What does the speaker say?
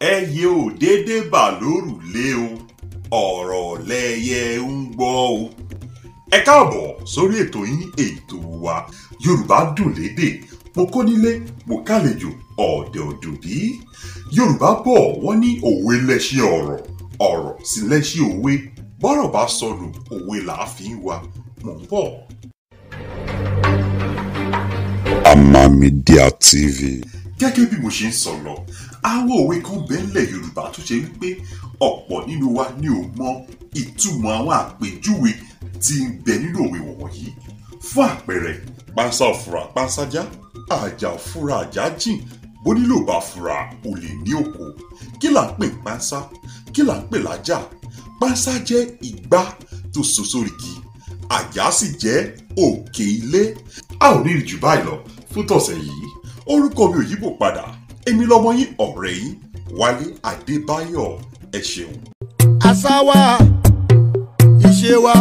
ẹyẹ ò dédé bà lórùlé o ọ̀rọ̀ lẹyẹ ń gbọ́ o. ẹ káàbọ̀ sórí ètò yín ètò wa yorùbá dùn lédè mo kó nílé mo kálejò ọ̀dẹ̀ òdùn bí. yorùbá bọ̀ wọ́n ní òwe lẹṣin ọ̀rọ̀ ọ̀rọ̀ sì lẹṣin òwe bọ́rọ̀ bá sọnù òwe làá fi ń wa mò ń bọ̀. Hammer Media TV. gẹ́gẹ́ bí mo ṣe ń sọ lọ àwọn òwe kan bẹ́ẹ̀lẹ̀ yorùbá tó ṣe wípé ọ̀pọ̀ nínú wa ni ò mọ ìtumọ̀ àwọn àpèjúwe tí ń bẹ nínú òwe wọ̀nyí fún àpẹẹrẹ pàṣà òfurà pàṣájá àjà òfurà àjà jìn bó nílò bá fura ò lè ní òkò kí là ń pè pàṣà kí là ń pè lájà pàṣà jẹ́ igbá tó so sórí igi àjà sì jẹ́ òkè ilé a ò ní ìjù báyìí lọ fún tọ̀sẹ̀ yìí orúkọ mi ò yíbò padà èmi lọmọ yín ọ̀rẹ́ yín Wálé Adébáyọ̀ ẹ ṣeun. àṣà wa ìṣe wa